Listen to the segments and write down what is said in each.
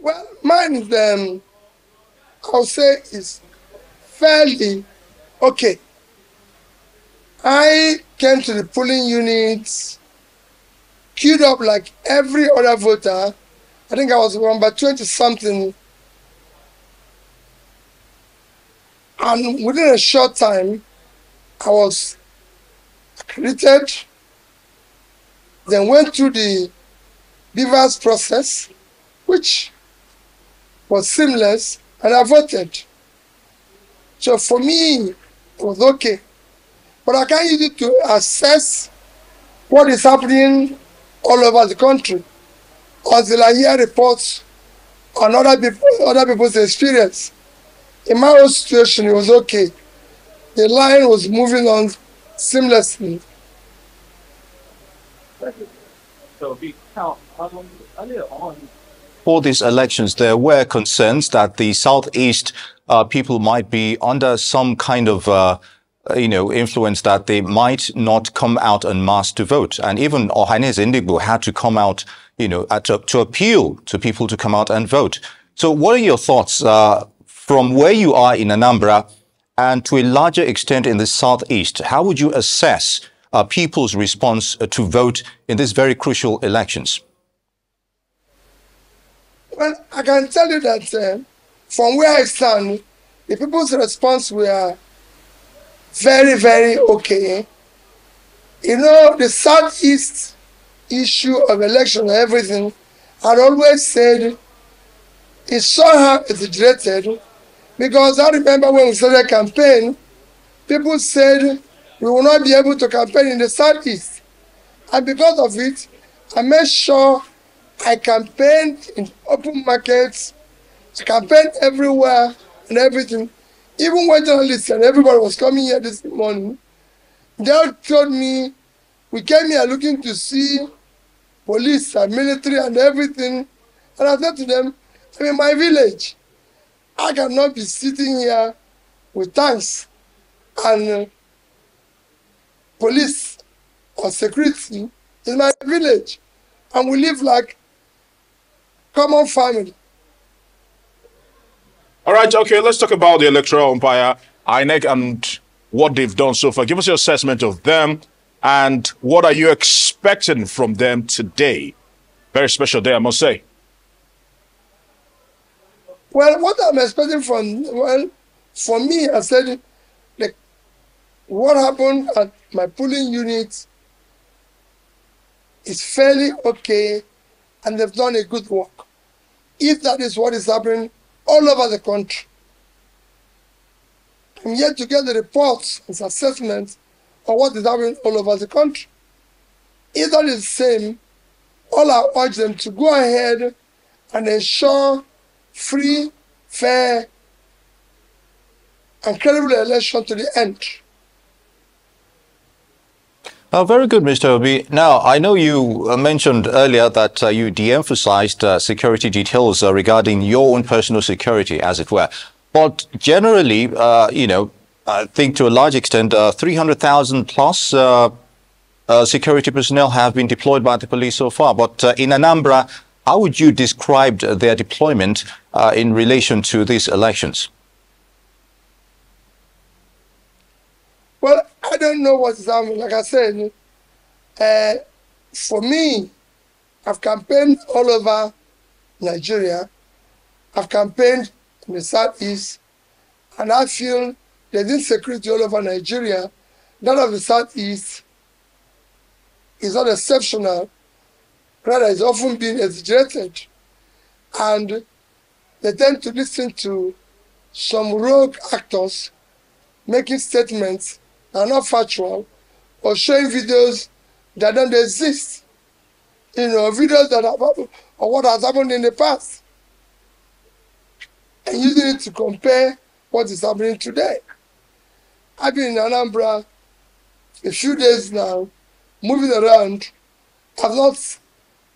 well, mine is, um, I'll say, is fairly okay. I came to the polling units, queued up like every other voter. I think I was number 20 something. And within a short time, I was accredited, then went through the Beavers process, which was seamless, and I voted. So for me, it was okay. But I can't use it to assess what is happening all over the country until I hear reports on other, people, other people's experience. In my own situation, it was okay. The line was moving on seamlessly. So, if you count, earlier on, for these elections, there were concerns that the Southeast uh, people might be under some kind of uh, you know, influence that they might not come out en masse to vote. And even Ohanes Indigbo had to come out, you know, to, uh, to, appeal to people to come out and vote. So what are your thoughts uh, from where you are in Anambra and to a larger extent in the Southeast? How would you assess uh, people's response uh, to vote in these very crucial elections? Well, I can tell you that uh, from where I stand, the people's response were very, very okay. You know, the Southeast issue of election and everything had always said it somehow exaggerated because I remember when we started campaign, people said we will not be able to campaign in the Southeast. And because of it, I made sure I campaigned in open markets, I campaigned everywhere and everything. Even when journalists and everybody was coming here this morning, they told me, we came here looking to see police and military and everything. And I said to them, I'm in my village. I cannot be sitting here with tanks and uh, police or security in my village. And we live like Come on, family. All right, okay, let's talk about the electoral umpire, INEC, and what they've done so far. Give us your assessment of them and what are you expecting from them today? Very special day, I must say. Well, what I'm expecting from, well, for me, I said, like, what happened at my polling unit is fairly okay and they've done a good work. If that is what is happening all over the country, I'm yet to get the reports and assessments of what is happening all over the country. If that is the same, all I urge them to go ahead and ensure free, fair, and credible election to the end. Oh, very good, Mr. Obi. Now, I know you uh, mentioned earlier that uh, you de-emphasized uh, security details uh, regarding your own personal security, as it were. But generally, you know, I think to a large extent, 300,000 plus security personnel have been deployed by the police so far. But in Anambra, how would you describe their deployment in relation to these elections? Well, I don't know what is happening. Like I said, uh, for me, I've campaigned all over Nigeria. I've campaigned in the southeast, and I feel there's insecurity all over Nigeria. That of the southeast is not exceptional, rather it's often been exaggerated, and they tend to listen to some rogue actors making statements are not factual or showing videos that don't exist. You know, videos that have or what has happened in the past. And using it to compare what is happening today. I've been in Anambra a few days now, moving around. I've not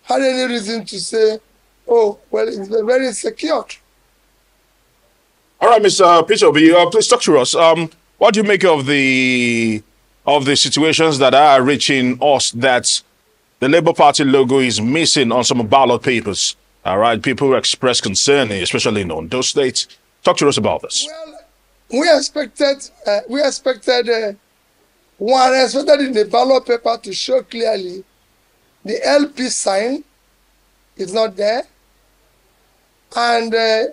had any reason to say, oh, well, it's very secure. All right, Mr. Peter, uh, please talk to us. Um, what do you make of the of the situations that are reaching us that the Labour Party logo is missing on some ballot papers? All right, people express concern, especially in those states. Talk to us about this. Well, we expected uh, we expected uh, one expected in the ballot paper to show clearly the LP sign is not there, and uh,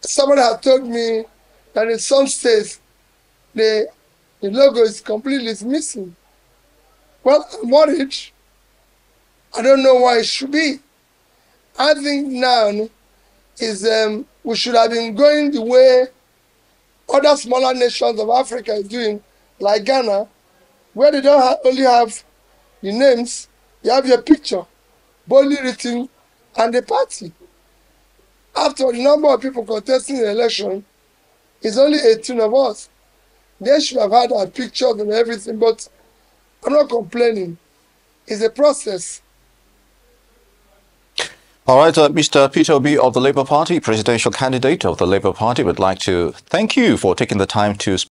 someone had told me that in some states the, the logo is completely missing. Well, I'm worried. I don't know why it should be. I think now is um, we should have been going the way other smaller nations of Africa is doing, like Ghana, where they don't ha- only have the names, you have your picture, boldly written, and the party. After the number of people contesting the election is only 18 of us. They should have had our pictures and everything, but I'm not complaining. It's a process. All right, uh, Mr. Peter B. of the Labour Party, presidential candidate of the Labour Party, would like to thank you for taking the time to speak.